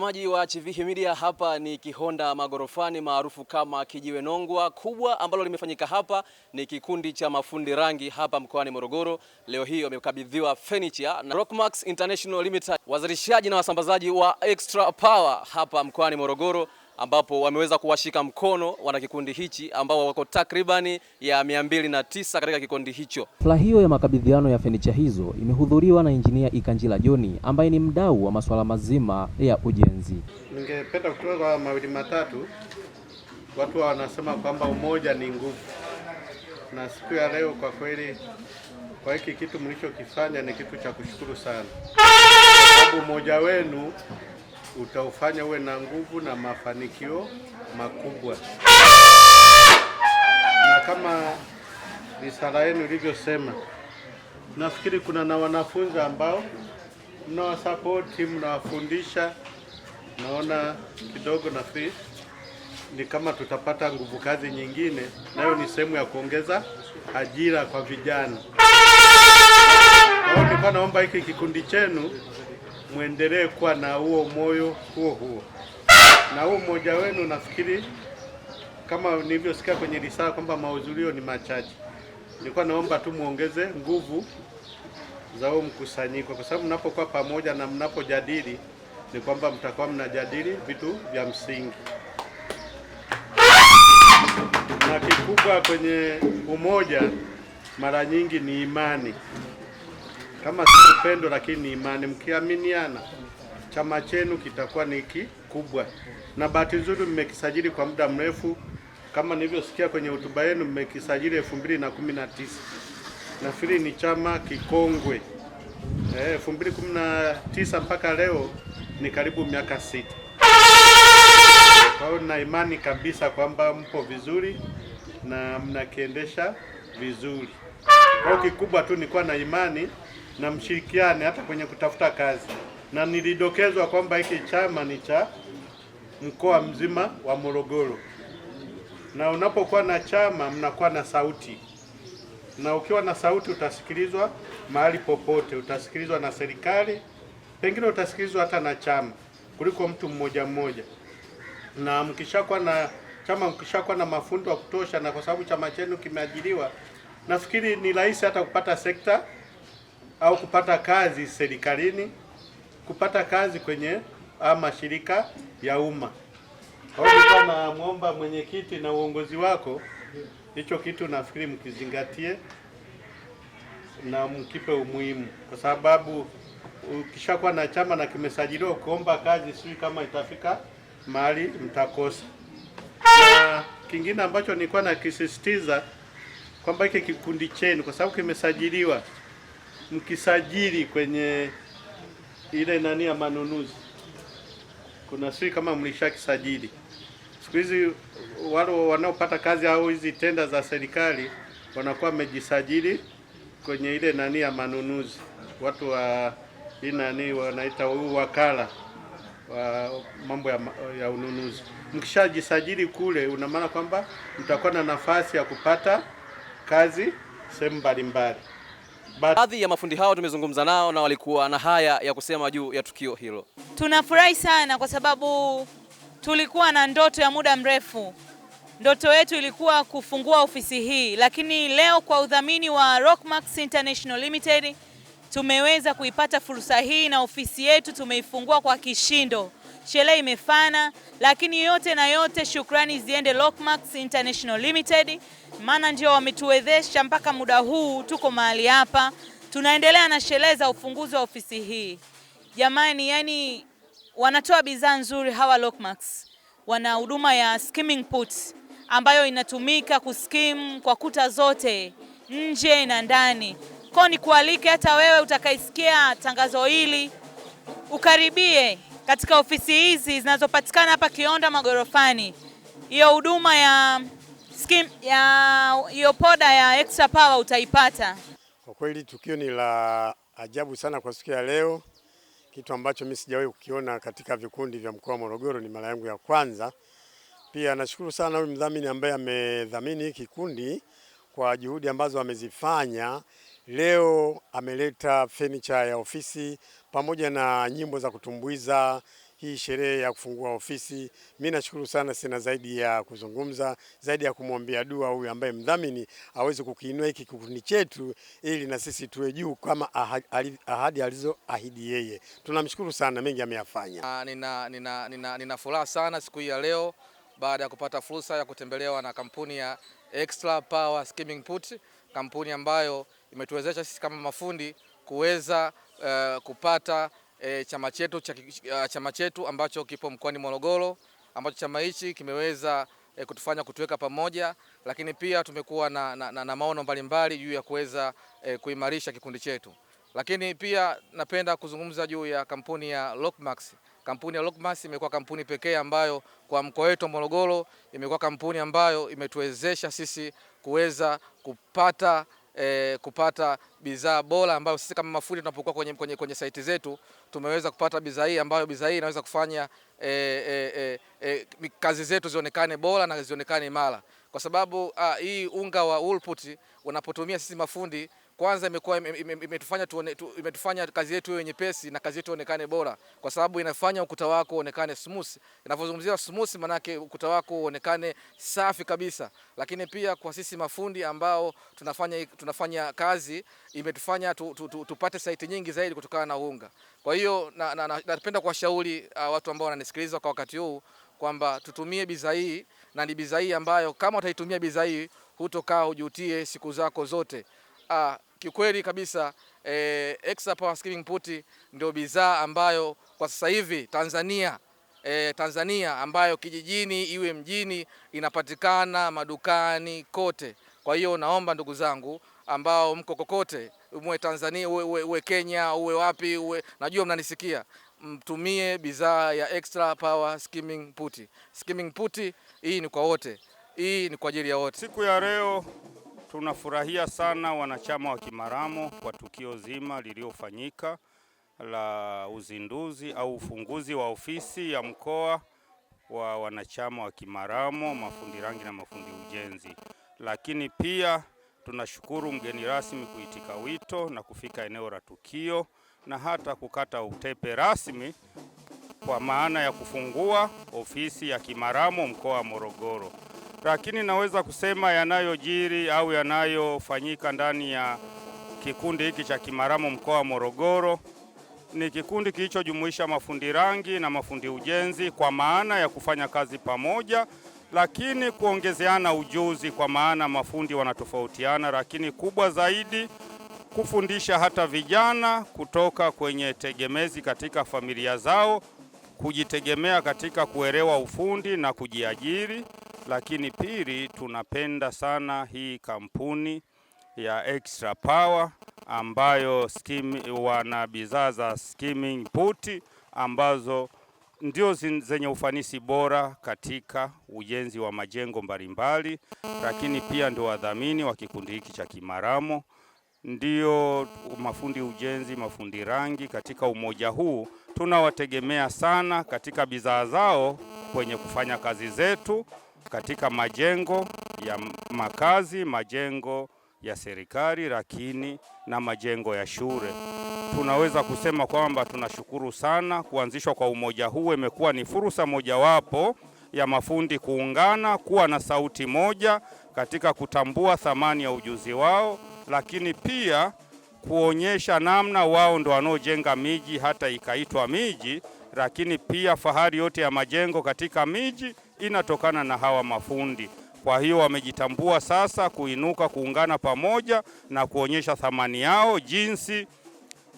Maji wa Chivihi Media hapa ni Kihonda Magorofani maarufu kama Kijiwe Nongwa. Kubwa ambalo limefanyika hapa ni kikundi cha mafundi rangi hapa mkoani Morogoro. Leo hii wamekabidhiwa furniture na Rockmax International Limited, wazalishaji na wasambazaji wa Extra Power hapa mkoani Morogoro ambapo wameweza kuwashika mkono wana kikundi hichi ambao wako takribani ya na tisa katika kikundi hicho. Hafla hiyo ya makabidhiano ya fenicha hizo imehudhuriwa na Injinia Ikanjila Joni ambaye ni mdau wa masuala mazima ya ujenzi. Ningependa kutoa kwa mawili matatu. Watu wanasema kwamba umoja ni nguvu, na siku ya leo kwa kweli, kwa hiki kitu mlichokifanya ni kitu cha kushukuru sana, sababu umoja wenu utaufanya uwe na nguvu na mafanikio makubwa. Na kama risala yenu ilivyosema, nafikiri kuna na wanafunzi ambao mnawasapoti, mnawafundisha. Naona kidogo nafikiri ni kama tutapata nguvu kazi nyingine, nayo ni sehemu ya kuongeza ajira kwa vijana. Nilikuwa naomba hiki kikundi chenu mwendelee kuwa na huo moyo huo huo na huo mmoja wenu. Nafikiri kama nilivyosikia kwenye risala kwamba mahudhurio ni machache, nilikuwa naomba tu muongeze nguvu za huo mkusanyiko, kwa sababu mnapokuwa pamoja na mnapojadili ni kwamba mtakuwa mnajadili vitu vya msingi na kikubwa kwenye umoja mara nyingi ni imani kama si upendo, lakini ni imani. Mkiaminiana, chama chenu kitakuwa ni kikubwa, na bahati nzuri mmekisajili kwa muda mrefu. Kama nilivyosikia kwenye hotuba yenu, mmekisajili elfu mbili na kumi na tisa. Nafikiri ni chama kikongwe. Eh, elfu mbili kumi na tisa mpaka leo ni karibu miaka sita. Kwa hiyo na imani kabisa kwamba mpo vizuri na mnakiendesha vizuri. Kwa hiyo kikubwa tu nilikuwa na imani na mshirikiane hata kwenye kutafuta kazi, na nilidokezwa kwamba hiki chama ni cha mkoa mzima wa Morogoro, na unapokuwa na chama mnakuwa na sauti, na ukiwa na sauti utasikilizwa mahali popote, utasikilizwa na serikali, pengine utasikilizwa hata na chama kuliko mtu mmoja mmoja. Na mkishakuwa na chama, mkishakuwa na mafundo ya kutosha, na kwa sababu chama chenu kimeajiriwa, nafikiri ni rahisi hata kupata sekta au kupata kazi serikalini, kupata kazi kwenye mashirika ya umma. Kama namwomba mwenyekiti na uongozi wako, hicho kitu nafikiri mkizingatie na mkipe umuhimu, kwa sababu ukishakuwa na chama na kimesajiliwa, kuomba kazi sijui kama itafika mahali mtakosa. Na kingine ambacho nilikuwa nakisisitiza kwamba hiki kikundi chenu, kwa sababu kimesajiliwa mkisajili kwenye ile nani ya manunuzi, kuna siri kama mlisha kisajili. Siku hizi wale wanaopata kazi au hizi tenda za serikali wanakuwa wamejisajili kwenye ile nani ya manunuzi, watu wa hii nani wanaita huu wakala wa mambo ya, ya ununuzi. Mkishajisajili kule, una maana kwamba mtakuwa na nafasi ya kupata kazi sehemu mbalimbali. Baadhi ya mafundi hao tumezungumza nao na walikuwa na haya ya kusema juu ya tukio hilo. Tunafurahi sana kwa sababu tulikuwa na ndoto ya muda mrefu. Ndoto yetu ilikuwa kufungua ofisi hii, lakini leo kwa udhamini wa Rockmax International Limited tumeweza kuipata fursa hii na ofisi yetu tumeifungua kwa kishindo sherehe imefana, lakini yote na yote shukrani ziende Lockmax International Limited, maana ndio wametuwezesha mpaka muda huu tuko mahali hapa, tunaendelea na sherehe za ufunguzi wa ofisi hii. Jamani, yani wanatoa bidhaa nzuri hawa Lockmax. Wana huduma ya skimming puts ambayo inatumika kuskim kwa kuta zote nje na ndani. Kwa ni kualike hata wewe utakaisikia tangazo hili ukaribie katika ofisi hizi zinazopatikana hapa Kionda Magorofani. Hiyo huduma ya skim ya hiyo poda ya extra power utaipata. Kwa kweli tukio ni la ajabu sana kwa siku ya leo, kitu ambacho mimi sijawahi kukiona katika vikundi vya mkoa wa Morogoro, ni mara yangu ya kwanza. Pia nashukuru sana huyu mdhamini ambaye amedhamini hiki kikundi kwa juhudi ambazo amezifanya Leo ameleta fenicha ya ofisi pamoja na nyimbo za kutumbuiza hii sherehe ya kufungua ofisi. Mimi nashukuru sana, sina zaidi ya kuzungumza zaidi ya kumwambia dua huyu ambaye mdhamini aweze kukiinua hiki kikundi chetu, ili na sisi tuwe juu kama ahadi, ahadi alizoahidi yeye. Tunamshukuru sana, mengi ameyafanya. Ah, nina, nina, nina, nina furaha sana siku hii ya leo baada ya kupata fursa ya kutembelewa na kampuni ya Extra Power Skimming Put kampuni ambayo imetuwezesha sisi kama mafundi kuweza uh, kupata uh, chama chetu uh, chama chetu ambacho kipo mkoani Morogoro ambacho chama hichi kimeweza uh, kutufanya kutuweka pamoja, lakini pia tumekuwa na, na, na, na maono mbalimbali juu ya kuweza uh, kuimarisha kikundi chetu, lakini pia napenda kuzungumza juu ya kampuni ya Lockmax. Kampuni ya Lockmax imekuwa kampuni pekee ambayo kwa mkoa wetu wa Morogoro imekuwa kampuni ambayo imetuwezesha sisi kuweza kupata E, kupata bidhaa bora ambayo sisi kama mafundi tunapokuwa kwenye, kwenye, kwenye saiti zetu tumeweza kupata bidhaa hii ambayo bidhaa hii inaweza kufanya e, e, e, kazi zetu zionekane bora na zionekane imara, kwa sababu a, ah, hii unga wa Woolput unapotumia sisi mafundi kwanza imekuwa imetufanya tuone, imetufanya kazi yetu iwe nyepesi na kazi yetu ionekane bora, kwa sababu inafanya ukuta wako uonekane smooth. Inavyozungumzia smooth, yake ukuta wako uonekane safi kabisa. Lakini pia kwa sisi mafundi ambao tunafanya, tunafanya kazi imetufanya tu, tu, tu, tupate site nyingi zaidi kutokana na unga. Kwa hiyo napenda na, na, na kuwashauri uh, watu ambao wananisikiliza kwa wakati huu kwamba tutumie bidhaa hii na ni bidhaa hii ambayo kama utaitumia bidhaa hii hutokaa hujutie siku zako zote ah, kiukweli kabisa eh, Extra Power skimming puti ndio bidhaa ambayo kwa sasa hivi Tanzania eh, Tanzania ambayo kijijini iwe mjini inapatikana madukani kote. Kwa hiyo naomba ndugu zangu ambao mko kokote, uwe Tanzania uwe, uwe, uwe Kenya uwe wapi uwe, najua mnanisikia, mtumie bidhaa ya Extra Power skimming puti. Skimming puti hii ni kwa wote, hii ni kwa ajili ya wote. Siku ya leo Tunafurahia sana wanachama wa Kimaramo kwa tukio zima lililofanyika la uzinduzi au ufunguzi wa ofisi ya mkoa wa wanachama wa Kimaramo, mafundi rangi na mafundi ujenzi. Lakini pia tunashukuru mgeni rasmi kuitika wito na kufika eneo la tukio na hata kukata utepe rasmi kwa maana ya kufungua ofisi ya Kimaramo mkoa wa Morogoro lakini naweza kusema yanayojiri au yanayofanyika ndani ya kikundi hiki cha Kimaramo mkoa wa Morogoro ni kikundi kilichojumuisha mafundi rangi na mafundi ujenzi kwa maana ya kufanya kazi pamoja, lakini kuongezeana ujuzi kwa maana mafundi wanatofautiana, lakini kubwa zaidi kufundisha hata vijana kutoka kwenye tegemezi katika familia zao kujitegemea katika kuelewa ufundi na kujiajiri. Lakini pili, tunapenda sana hii kampuni ya Extra Power ambayo skim, wana bidhaa za skimming puti ambazo ndio zenye ufanisi bora katika ujenzi wa majengo mbalimbali, lakini pia ndio wadhamini wa kikundi hiki cha Kimaramo, ndio mafundi ujenzi, mafundi rangi. Katika umoja huu tunawategemea sana katika bidhaa zao kwenye kufanya kazi zetu katika majengo ya makazi, majengo ya serikali, lakini na majengo ya shule. Tunaweza kusema kwamba tunashukuru sana kuanzishwa kwa umoja huu. Imekuwa ni fursa mojawapo ya mafundi kuungana, kuwa na sauti moja katika kutambua thamani ya ujuzi wao, lakini pia kuonyesha namna wao ndo wanaojenga miji hata ikaitwa miji, lakini pia fahari yote ya majengo katika miji inatokana na hawa mafundi. Kwa hiyo wamejitambua sasa kuinuka, kuungana pamoja na kuonyesha thamani yao, jinsi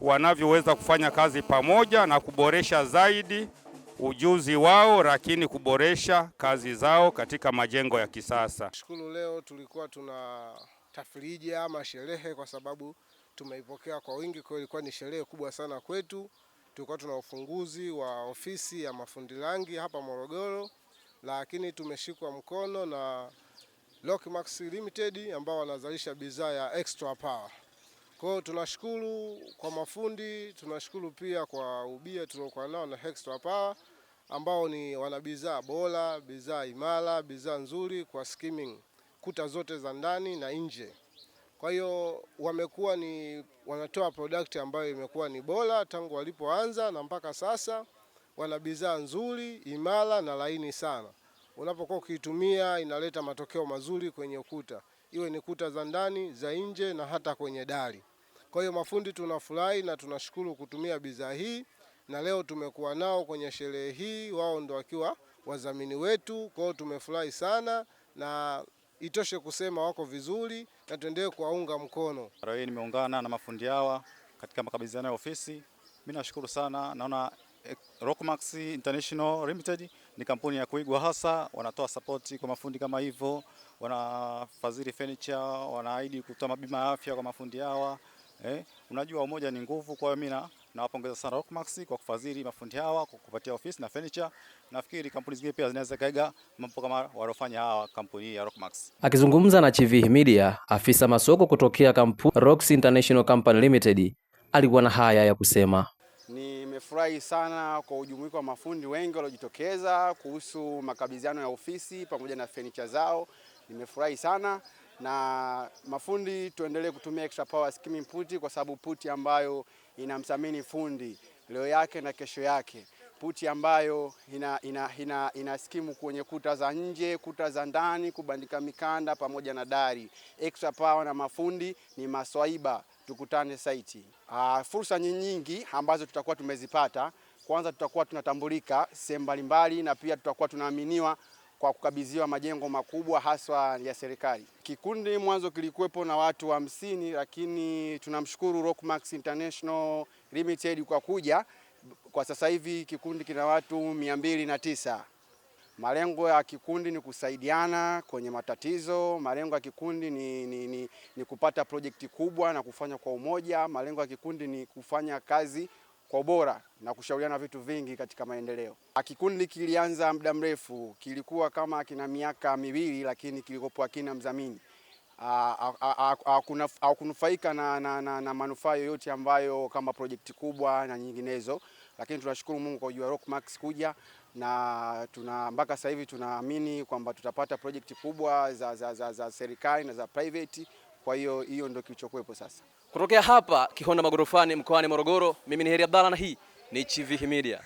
wanavyoweza kufanya kazi pamoja na kuboresha zaidi ujuzi wao, lakini kuboresha kazi zao katika majengo ya kisasa. Shukuru, leo tulikuwa tuna tafriji ama sherehe, kwa sababu tumeipokea kwa wingi. Kwa ilikuwa ni sherehe kubwa sana kwetu. Tulikuwa tuna ufunguzi wa ofisi ya mafundi rangi hapa Morogoro lakini tumeshikwa mkono na Lockmax Limited ambao wanazalisha bidhaa ya extra power. Kwa hiyo tunashukuru kwa mafundi, tunashukuru pia kwa ubia tuliokuwa nao na extra power ambao ni wana bidhaa bora, bidhaa imara, bidhaa nzuri kwa skimming kuta zote za ndani na nje. Kwa hiyo wamekuwa ni wanatoa product ambayo imekuwa ni bora tangu walipoanza na mpaka sasa wana bidhaa nzuri, imara na laini sana. Unapokuwa ukiitumia inaleta matokeo mazuri kwenye ukuta, iwe ni kuta za ndani, za nje na hata kwenye dari. Kwa hiyo mafundi tunafurahi na tunashukuru kutumia bidhaa hii, na leo tumekuwa nao kwenye sherehe hii, wao ndo wakiwa wadhamini wetu. Kwa hiyo tumefurahi sana na itoshe kusema wako vizuri na tuendelee kuwaunga mkono. Mara hii nimeungana na mafundi hawa katika makabidhiano ya ofisi. Mimi nashukuru sana, naona Eh, Rockmax International Limited ni kampuni ya kuigwa hasa, wanatoa sapoti kwa mafundi kama hivyo, wanafadhili furniture, wanaahidi kutoa mabima ya afya kwa mafundi hawa. Eh, unajua umoja ni nguvu. Kwa hiyo mimi nawapongeza sana Rockmax kwa kufadhili mafundi hawa kwa kupatia ofisi na furniture. Nafikiri kampuni zingine pia zinaweza kaiga mambo kama waliofanya hawa kampuni ya Rockmax. Akizungumza na Chivihi Media, afisa masoko kutokea kampuni Rocks International Company Limited alikuwa na haya ya kusema ni Tumefurahi sana kwa ujumuiko wa mafundi wengi waliojitokeza kuhusu makabidhiano ya ofisi pamoja na fenicha zao. Nimefurahi sana na mafundi, tuendelee kutumia extra power skimming puti kwa sababu puti ambayo inamthamini fundi leo yake na kesho yake, puti ambayo ina, ina, ina, ina skimu kwenye kuta za nje, kuta za ndani, kubandika mikanda pamoja na dari. Extra power na mafundi ni maswaiba tukutane saiti. Aa, ah, fursa nyingi ambazo tutakuwa tumezipata, kwanza tutakuwa tunatambulika sehemu mbalimbali na pia tutakuwa tunaaminiwa kwa kukabidhiwa majengo makubwa haswa ya serikali. Kikundi mwanzo kilikuwepo na watu hamsini wa lakini tunamshukuru Rockmax International Limited kwa kuja. Kwa sasa hivi kikundi kina watu mia mbili na tisa. Malengo ya kikundi ni kusaidiana kwenye matatizo. Malengo ya kikundi ni, ni, ni, ni kupata projekti kubwa na kufanya kwa umoja. Malengo ya kikundi ni kufanya kazi kwa ubora na kushauriana vitu vingi katika maendeleo. Kikundi kilianza muda mrefu, kilikuwa kama kina miaka miwili, lakini kilikopo akina mzamini hakunufaika na, na, na, na manufaa yoyote ambayo kama projekti kubwa na nyinginezo, lakini tunashukuru Mungu kwa ujio wa Rockmax kuja na tuna mpaka sasa hivi tunaamini kwamba tutapata projekti kubwa za, za, za, za serikali na za private. Kwa hiyo hiyo ndio kilichokuwepo sasa. Kutokea hapa Kihonda Magorofani mkoani Morogoro, mimi ni Heri Abdalla na hii ni Chivihi Media.